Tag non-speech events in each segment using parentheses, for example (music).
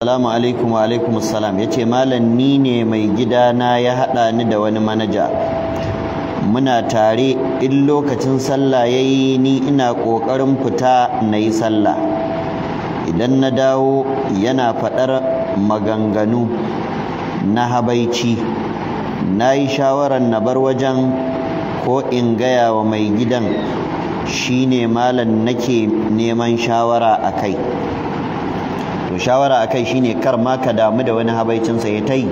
Salamu alaikum wa alaikum assalam yace malam ni ne mai gida na ya hada ni da wani manaja muna tare in lokacin sallah yayi ni ina kokarin fita nayi sallah idan na dawo yana fadar maganganu na habaici nayi shawarar na bar wajen ko in gaya wa mai gidan shine malam nake neman shawara akai to shawara a kai shine kar ma ka damu da wani habaicin sa ya tai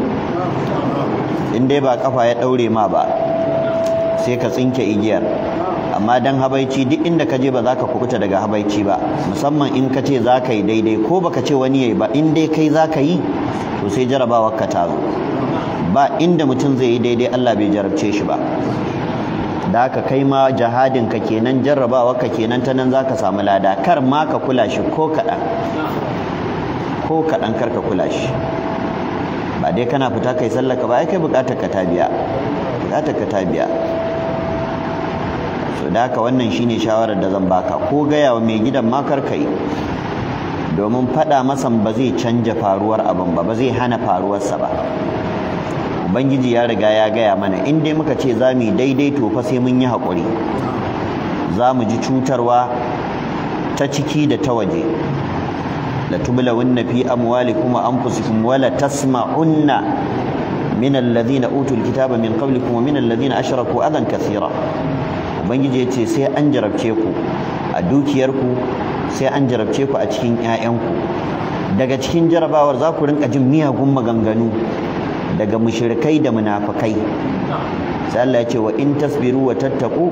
in dai ba kafa ya daure ma ba sai ka tsinke igiyar amma dan habaici duk inda ka je ba za ka kukuta daga habaici ba musamman in ka ce za ka yi daidai ko ba ka ce wani yayi ba in dai kai za ka yi to sai jarabawar ka ta zo ba inda mutum zai yi daidai Allah bai jarabce shi ba da ka kai ma jihadin ka kenan jarrabawa ka kenan ta nan za ka samu lada kar ma ka kula shi ko kaɗan ko kaɗan karka kula shi ba dai kana fita kai sallaka ba ai kai buƙatar ka tabiya buƙatar ka tabiya so da haka wannan shine shawarar da zan baka ko gaya wa mai gidan ma kai yi domin faɗa masan ba zai canja faruwar abin ba ba zai hana faruwarsa ba ubangiji ya riga ya gaya mana in dai muka ce za mu daidai to fa sai mun yi haƙuri za mu ji cutarwa ta ciki da ta waje لتبلون في أموالكم وأنفسكم ولا تسمعن من الذين أوتوا الكتاب من قبلكم ومن الذين أشركوا أذى كثيرا ubangiji ya ce sai an jarabce ku a dukiyarku sai an jarabce ku a cikin 'ya'yanku daga cikin jarabawar za ku rinka jin miyagun maganganu daga mushirikai da munafakai. sai Allah ya ce wa in tasbiru wa tattaku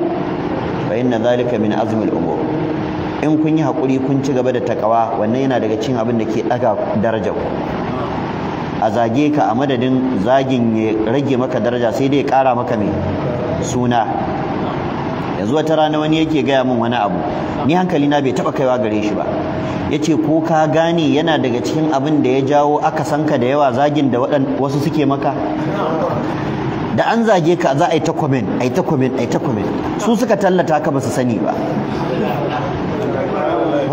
fa inna zalika min azmil in kun yi haƙuri kun ci gaba da takawa wannan yana daga cikin abin da ke ɗaga darajar ku a zage ka a madadin zagin ya rage maka daraja sai dai ya ƙara maka mai suna yanzu wata rana wani yake gaya min wani abu ni hankali na bai taɓa kaiwa gare shi ba ya ce ko ka gane yana daga cikin abin da ya jawo aka sanka da yawa zagin da wasu suke maka da an zage ka za a yi ta a yi ta a yi ta su suka tallata ka ba su sani ba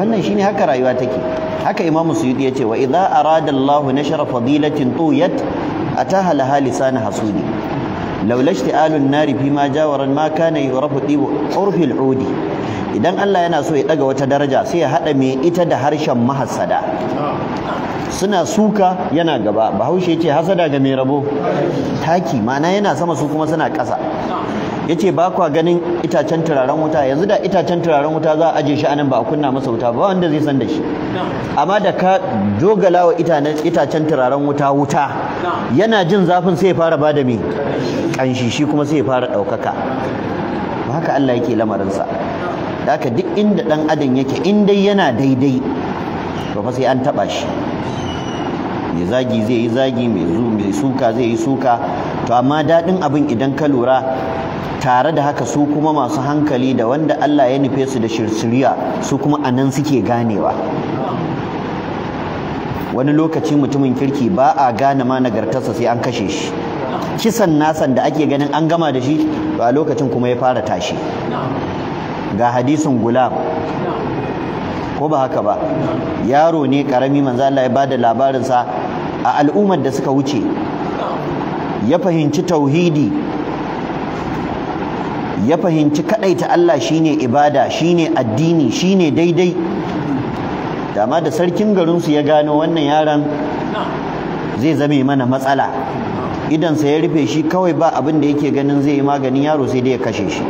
wannan shine haka rayuwa take haka imam suyuti yace wa idza arada allah nashra fadilatin tuyat ataha laha lisan hasudi laula ishti'alu an-nar fi ma jawaran ma kana yurafu dibu urfi al idan Allah yana so ya daga wata daraja sai ya hada me ita da harshen mahassada suna suka yana gaba bahaushe yace hasada ga mai rabo taki ma'ana yana sama su kuma suna ƙasa yace ba kwa ganin itacen turaren wuta yanzu da itacen turaren wuta za a aje shi anan ba a kunna masa wuta ba wanda zai san da shi amma da ka dogala wa itacen turaren wuta wuta yana jin zafin sai ya fara bada me kanshi shi kuma sai ya fara daukaka haka Allah yake lamarinsa da haka duk inda dan adam yake in dai yana daidai to fa sai an taba shi mai zagi zai yi zagi mai suka zai yi suka to amma daɗin abin idan ka lura tare da haka su kuma masu hankali da wanda Allah ya nufe su da shirshiriya su kuma anan suke ganewa wani lokaci mutumin kirki ba a gane ma nagartarsa sai an kashe shi kisan nasan da ake ganin an gama da shi to a lokacin kuma ya fara tashi ga hadisin gulam ko ba haka ba yaro ne karami manzo Allah ya bada labarin sa a al'ummar da suka wuce ya fahimci tauhidi ya fahimci ta Allah shine ibada shine addini shine daidai dama da sarkin garinsu ya gano wannan yaron zai zame mana matsala sa ya rufe shi kawai ba abin da yake ganin zai yi maganin yaro sai dai ya kashe shi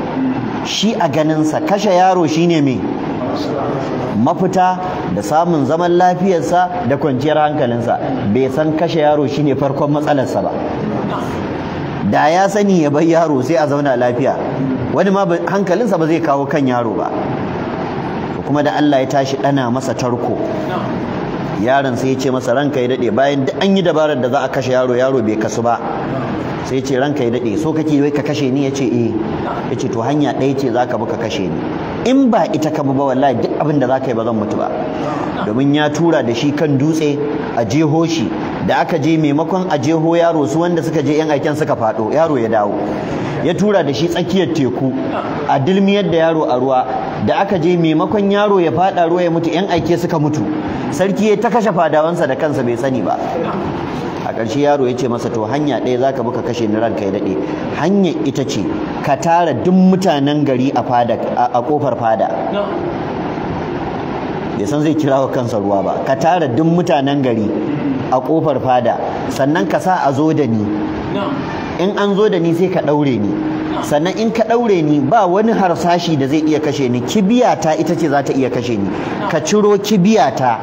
shi a ganinsa kashe yaro shine mai mafita da samun zaman lafiyarsa da kwanciyar hankalinsa bai san kashe yaro shine farkon matsalarsa ba da ya sani ya bai yaro sai a zauna lafiya wani ma hankalinsa ba zai kawo kan yaro ba kuma da Allah ya tashi dana masa tarko yaron sai ya ce masa ranka ya dade bayan da an yi dabarar da za a kashe yaro yaro bai kasu ba sai ya ce ranka ya dade so kake wai ka kashe ni ya ce eh yace to hanya ɗaya ce ka bi ka kashe ni in ba ita ka bi ba wallahi duk abin da ka yi ba zan mutu ba domin ya tura da shi kan dutse a jeho shi da aka je maimakon a jeho yaro su wanda suka je yan aiken suka faɗo yaro ya dawo ya tura da shi tsakiyar teku a dilmiyar da yaro a ruwa da aka je maimakon yaro ya fada ruwa ya mutu yan aike suka mutu sarki ya ta kashe fadawansa da kansa bai sani ba a ƙarshe yaro ya ce masa to hanya ɗaya za ka buka kashe ni ranka ya daɗe hanyar ita ce ka tara duk mutanen gari a fada fada bai san zai kira wa kansa ruwa ba ka tara duk mutanen gari a ƙofar fada sannan ka sa a zo da ni in an zo da ni sai ka ɗaure ni sannan in ka ɗaure ni ba wani harsashi da zai iya kashe ni kibiyata ita ce za ta iya kashe ni ka ciro kibiyata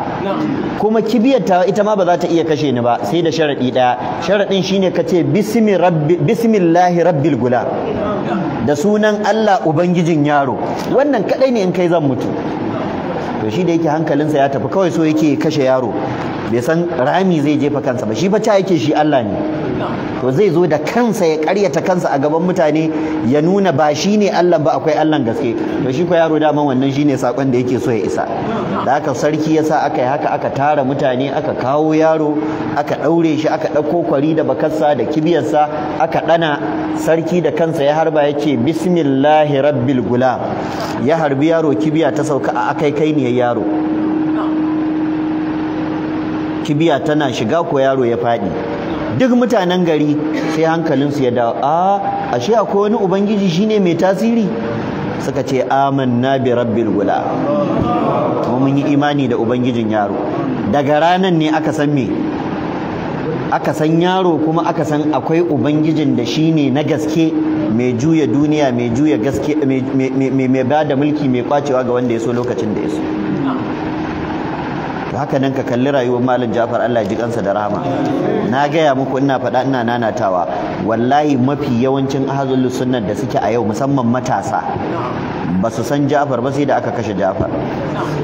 kuma kibiyata ita ma ba za ta iya kashe ni ba sai da sharaɗi ɗaya sharaɗin shine ka ce bismillahi rabbil gula da sunan Allah ubangijin yaro wannan kaɗai ne in kai zan mutu to shi da yake hankalinsa ya tafi kawai so yake kashe yaro bai san rami zai jefa kansa ba shi fa ta yake shi Allah ne to zai zo da kansa ya karyata kansa a gaban mutane ya nuna ba shi ne Allah ba akwai Allah gaske to shi ko yaro dama wannan shine sakon da yake so ya isa da haka sarki ya sa aka yi haka aka tara mutane aka kawo yaro aka daure shi aka dauko kwari da bakarsa da kibiyarsa aka dana sarki da kansa ya harba yake bismillahi rabbil gulam ya harbi yaro kibiya ta sauka a akai kai ne yaro kibiya tana shiga ko yaro ya faɗi duk mutanen gari sai hankalinsu ya dawo a ashe akwai wani ubangiji shine mai tasiri suka ce amanna bi rabbil gula mun yi imani da ubangijin yaro daga ranan ne aka san me aka san yaro kuma aka san akwai ubangijin da shine na gaske mai juya duniya mai juya gaske mai ba mulki mai kwacewa ga wanda ya so lokacin da ya so haka nan ka kalli rayuwar malam Ja'far Allah ji kansa da rahama na gaya muku ina faɗa ina nanatawa wallahi mafi yawancin ahlul sunnar da suke a yau musamman matasa ba su san Ja'far ba sai da aka kashe Ja'far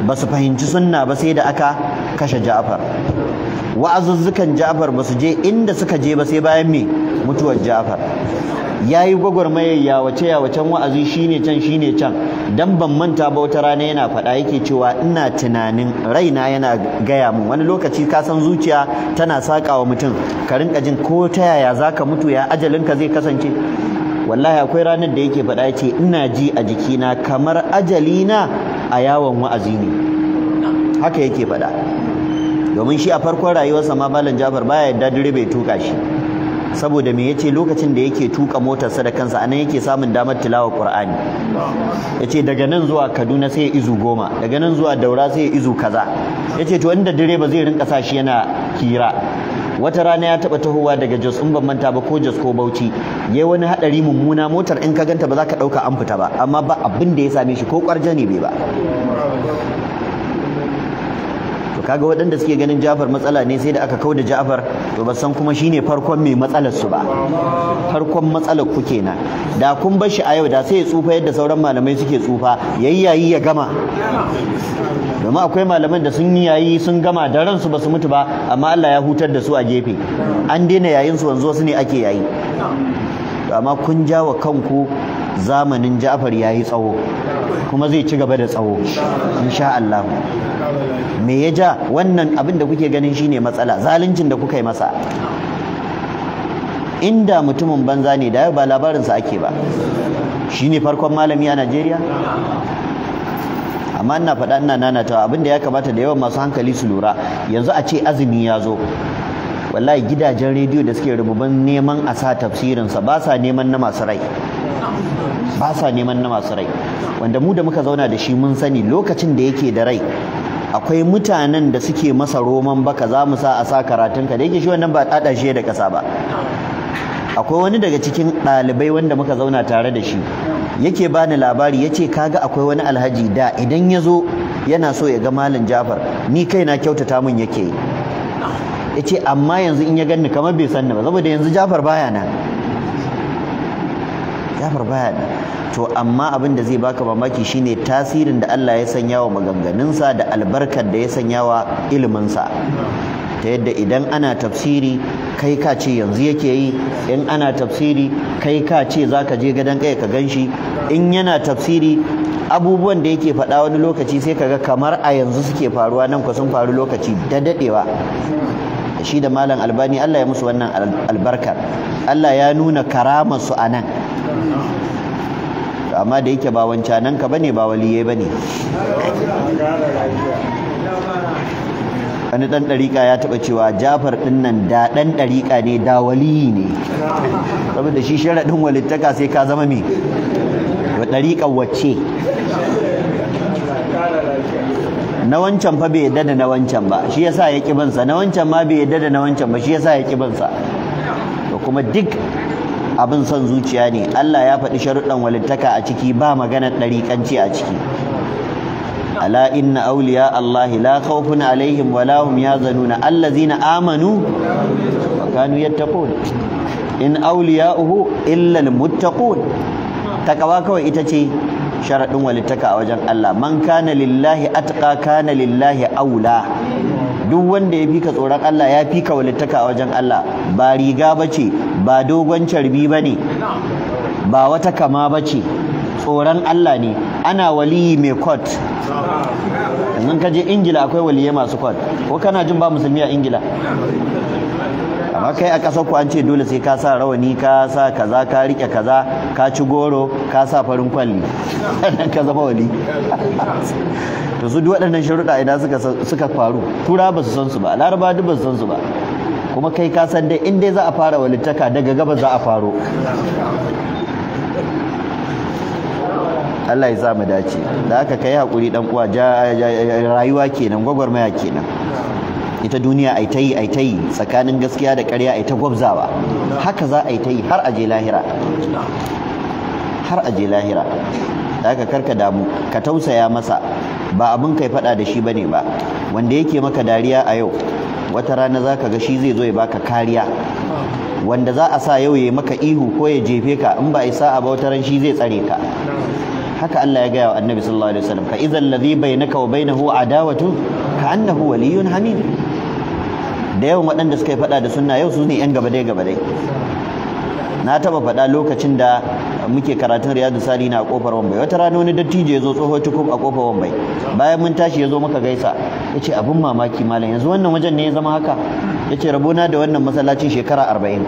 ba su fahimci sunna ba sai da aka kashe Ja'far wa'azuzzukan Ja'far ba su je inda suka je ba sai bayan me mutuwar Ja'far yayi gwagwarmayar yawace yawacen wa'azi shine can shine can dan ban manta ba wata rana yana faɗa yake cewa ina tunanin raina yana gaya mun wani lokaci ka san zuciya tana sakawa mutum ka rinka jin ko ta yaya zaka mutu ya ajalinka zai kasance wallahi akwai ranar da yake faɗa yace ina ji a jikina kamar ajalina a yawon wa'azi ne haka yake faɗa domin shi a farkon rayuwarsa ma malam Jafar baya yadda direba ya tuka shi saboda me yace lokacin da yake tuka motarsa da kansa anan yake samun damar tilawa Qur'ani yace daga nan zuwa Kaduna sai ya izu goma daga nan zuwa Daura sai ya izu kaza yace to inda direba zai rinka sashi yana kira wata rana ya taba tahowa daga Jos in ban manta ba ko Jos ko Bauchi yayi wani hadari mummuna motar in ka ganta ba za ka dauka an fita ba amma ba abin da ya same shi ko kwarja ne bai ba kaga waɗanda suke ganin Ja'far matsala ne sai da aka kau da Ja'far to ba san kuma shine farkon mai matsalar su ba farkon matsalar ku kenan da kun bar shi a yau da sai ya tsufa yadda sauran malamai suke tsufa yayyayi ya gama domin akwai malaman da sun yi yayi sun gama da ransu ba su mutu ba amma Allah ya hutar da su a gefe an daina yayin su wasu su ne ake yayi amma kun jawa kanku zamanin Ja'far yi tsawo kuma zai ci gaba da tsawo insha Allah me ya ja wannan abin da kuke ganin shine matsala zaluncin da kuka yi masa inda mutumin banza ne da ba labarinsa ake ba shine farkon malami a Najeriya amma ina faɗa ina nanatawa abin da ya kamata da yawan masu hankali su lura yanzu a ce azumi ya zo wallahi gidajen rediyo da suke rububan neman a sa tafsirinsa ba sa neman na masu rai ba sa neman na masu rai wanda mu da muka zauna da shi mun sani lokacin da yake da rai akwai mutanen da suke masa roman baka za mu sa a sa karatunka da yake shi wannan ba a shi da ƙasa ba akwai wani daga cikin ɗalibai wanda muka zauna tare da shi yake bani labari ya yace kaga akwai wani alhaji da idan ya zo yana so ya ga malam jafar ni kai na kyautata mun yake yi ya ce amma yanzu in ya ganni kamar bai sanni ba saboda yanzu jafar baya nan jafar baya nan to amma abin da zai baka mamaki shine tasirin da Allah ya sanya wa maganganunsa da albarkar da ya sanya wa iliminsa ta yadda idan ana tafsiri kai ka ce yanzu yake yi in ana tafsiri kai ka ce za ka je gadon kai ka gan shi in yana tafsiri abubuwan da yake faɗa wani lokaci sai kaga kamar a yanzu suke faruwa nan ku sun faru lokaci da daɗewa shi da malam albani Allah ya musu wannan albarkar Allah ya nuna karamar su nan amma da yake ba wancanan ka bane ba waliye bane wani dan dariƙa ya taɓa cewa Jafar ɗin nan da ɗan dariƙa ne da wali ne saboda shi sharaɗin walittaka sai ka zama me dariƙa wacce na wancan fa bai yadda da na wancan ba shi yasa ya ƙi sa na wancan ma bai yadda da na wancan ba shi yasa ya ƙi sa to kuma duk abin son zuciya ne Allah ya faɗi sharuɗan walittaka a ciki ba maganar ɗariƙanci a ciki ala inna awliya Allah la khawfun alaihim wa la hum yazanuna allazina amanu wa kanu yattaqun in awliya'uhu illa almuttaqun takawa kawai ita ce sharaɗin walittaka a wajen Allah man kana lillahi atqa kana lillahi aula duk wanda ya fika tsoron Allah ya fika walittaka a wajen Allah ba riga bace ba dogon carbi bane ba wata kama bace tsoron Allah ne ana waliyi mai kot yanzu ka je Ingila akwai waliyai masu kot ko kana jin ba musulmi a Ingila amma kai a ƙasar ku an ce dole sai ka sa rawani ka sa kaza ka rike kaza ka ci goro ka sa farin kwalli ka zama wali (laughs) to su duk waɗannan sharuɗa idan suka suka faru tura ba su san su ba laraba duk ba su san su ba kuma kai ka san dai in dai za a fara walittaka daga gaba za a faro Allah ya dace da aka kai hakuri dan uwa rayuwa kenan gwagwarmaya kenan ita duniya ai ta yi ai ta yi tsakanin gaskiya da ƙarya ai ta gwabzawa haka za a yi ta yi har aje lahira har aje lahira da aka karka damu ka tausaya masa ba abin kai faɗa da shi bane ba wanda yake maka dariya a yau wata rana za ka ga shi zai zo ya baka kariya wanda za a sa yau ya maka ihu ko ya jefe ka in ba a sa a wata shi zai tsare ka haka Allah ya gaya wa annabi sallallahu alaihi wasallam fa idhal ladhi bainaka wa bainahu adawatu ka annahu waliyyun hamid da yawan waɗanda suka yi faɗa da sunna yau su ne 'yan gaba gabadai na taba faɗa lokacin da muke karatun riyadu sali na kofar wambai wata rana wani dattijo ya zo tsoho tukub a kofar wambai bayan mun tashi ya zo muka gaisa ya ce abin mamaki malam yanzu wannan wajen ne ya zama haka ya ce rabona da wannan masallacin shekara arba'in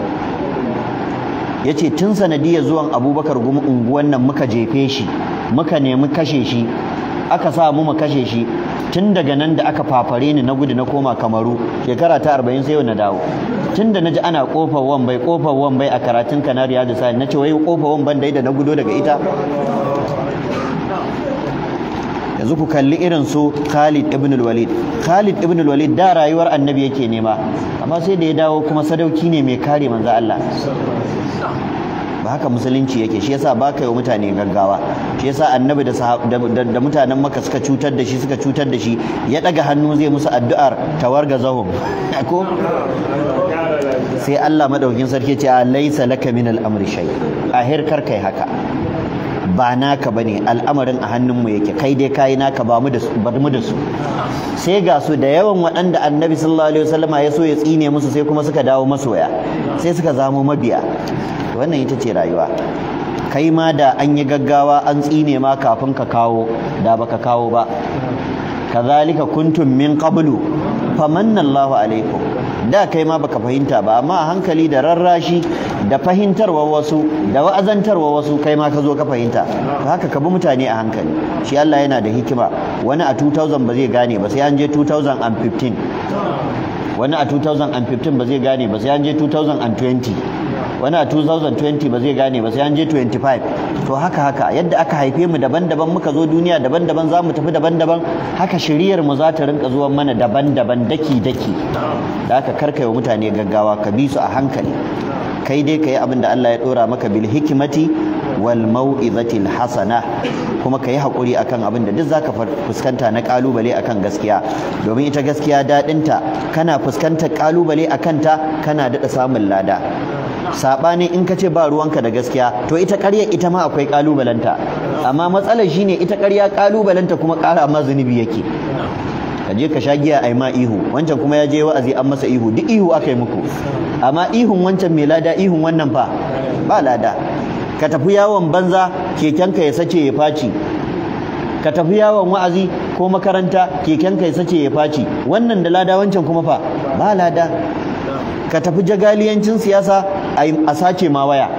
ya ce tun sanadiyar zuwan abubakar gumu unguwan nan muka jefe shi muka nemi kashe shi aka sa mu kashe shi tun daga nan da aka fafare ni na gudu na koma kamaru shekara ta arba'in sai na dawo tun da na ji ana kofar wambai kofar wambai a karatun kanariya da sa'in na ce wai kofar wamban dai da na gudu daga ita yanzu ku kalli irin su Khalid ibn walid Khalid ibn walid da rayuwar annabi yake nema amma sai da ya dawo kuma sadauki ne mai kare manzo Allah ba haka musulunci yake shi yasa baka kai wa mutane gaggawa shi yasa annabi da da mutanen maka suka cutar da shi suka cutar da shi ya daga hannu zai musu addu'ar tawarga zahum (laughs) ko sai Allah madaukin sarki ce laysa laka min al-amri shay ahir kar kai haka ba naka ba ne, al'amarin a hannunmu yake kai dai kayi naka ba mu da su da su sai ga su da yawan waɗanda annabi sallallahu alaihi wasallam ya so ya tsine musu sai kuma suka dawo masoya sai suka zamo mabiya wannan ita ce rayuwa kai ma da an yi gaggawa an tsine ma kafin ka kawo da baka kawo ba kazalika kuntum min qablu famanna Allahu alaikum da kai ma baka fahimta ba amma hankali da rarrashi da fahimtarwa wasu da wa'azantarwa wasu kai ma ka zo ka fahimta haka ka bi mutane a hankali shi Allah yana da hikima wani a 2000 ba zai gane ba sai an je 2015 wani a 2015 ba zai gane ba sai an je 2020 wani a 2020 ba zai gane ba sai an je 25 to haka haka yadda aka haife mu daban-daban muka zo duniya daban-daban za mu tafi daban-daban haka shiriyar mu za ta rinka zuwa mana daban-daban daki-daki da aka karkaiwa mutane gaggawa ka bi su a hankali kai dai ka yi abin da Allah ya ɗora maka bil hikimati wal mau'izatil hasana kuma ka yi haƙuri akan abin da duk zaka fuskanta na ƙalubale akan gaskiya domin ita gaskiya daɗinta kana fuskantar kalubale a kanta kana daɗa samun lada saɓanin in ka ce ba ruwanka da gaskiya to ita ƙarya ita ma akwai ƙalubalenta amma matsalar shine ita ƙarya ƙalubalenta kuma ƙara ma zunubi yake je ka sha giya ai ma ihu wancan kuma ya je wa'azi an masa ihu duk ihu aka yi muku amma ihun wancan mai lada ihun wannan fa ba lada ka tafi yawon banza kekenka ya sace ya faci ka tafi yawon wa'azi ko makaranta kekenka ya sace ya faci wannan da lada wancan kuma fa ba lada ka tafi jagaliyancin siyasa a sace ma waya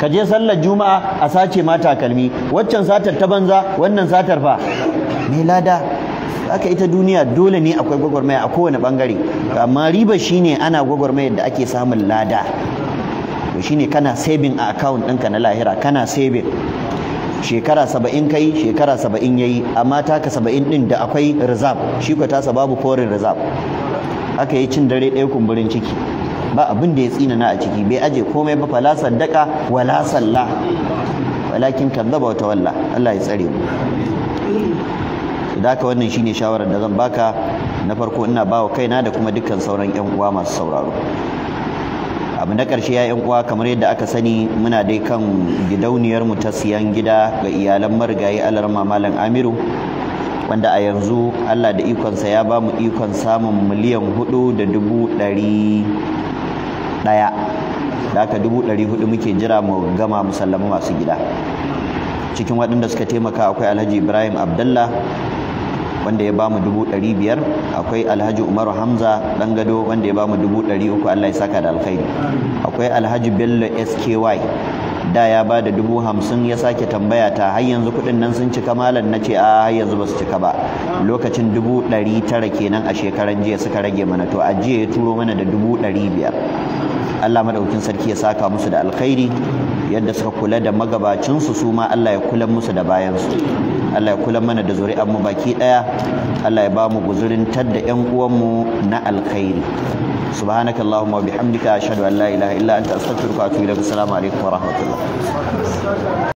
ka je sallar juma'a a sace ma takalmi waccan satar ta banza wannan satar fa Mai lada haka ita duniya dole ne akwai gwagwarmaya a kowane bangare amma riba shine ana gwagwarmayar da ake samun lada to shine kana saving a account ɗinka na lahira kana saving shekara saba'in kai shekara saba'in yayi amma taka saba'in ɗin da akwai reserve shi ko tasa babu foreign reserve haka yi cin dare ɗaya kumburin ciki ba abin da ya tsinana a ciki bai aje komai ba fala saddaka wala salla walakin kadzaba wa tawalla Allah ya tsare mu da haka wannan shine shawarar da zan baka na farko ina bawa kaina da kuma dukkan sauran yan uwa masu sauraro abu na ƙarshe ya uwa kamar yadda aka sani muna dai kan gidauniyar mu ta siyan gida ga iyalan marigayi alarma malam amiru wanda a yanzu allah da ikonsa ya ba mu ikon samun miliyan hudu da dubu ɗari ɗaya da aka dubu ɗari hudu muke jira mu gama musallama masu gida cikin waɗanda suka taimaka akwai alhaji ibrahim abdallah wanda ya bamu dubu ɗari biyar akwai alhaji umaru hamza ɗan gado wanda ya bamu dubu ɗari uku allah ya saka da alkhairi akwai alhaji bello sky da ya ba da dubu hamsin ya sake tambaya ta har yanzu kuɗin nan sun cika malam na ce a har yanzu ba su cika ba lokacin dubu ɗari tara kenan a shekaran jiya suka rage mana to a jiya ya turo mana da dubu ɗari biyar Allah maɗaukin sarki ya saka musu da alkhairi yadda suka kula da magabacinsu su ma Allah ya kula musu da bayansu Allah ya kula mana da zuri'an mu baki daya Allah ya ba mu guzurin tadda ƴan uwan mu na alkhairi subhanakallahumma wa bihamdika ashhadu an la ilaha illa anta astaghfiruka wa atubu ilaik assalamu alaikum wa rahmatullah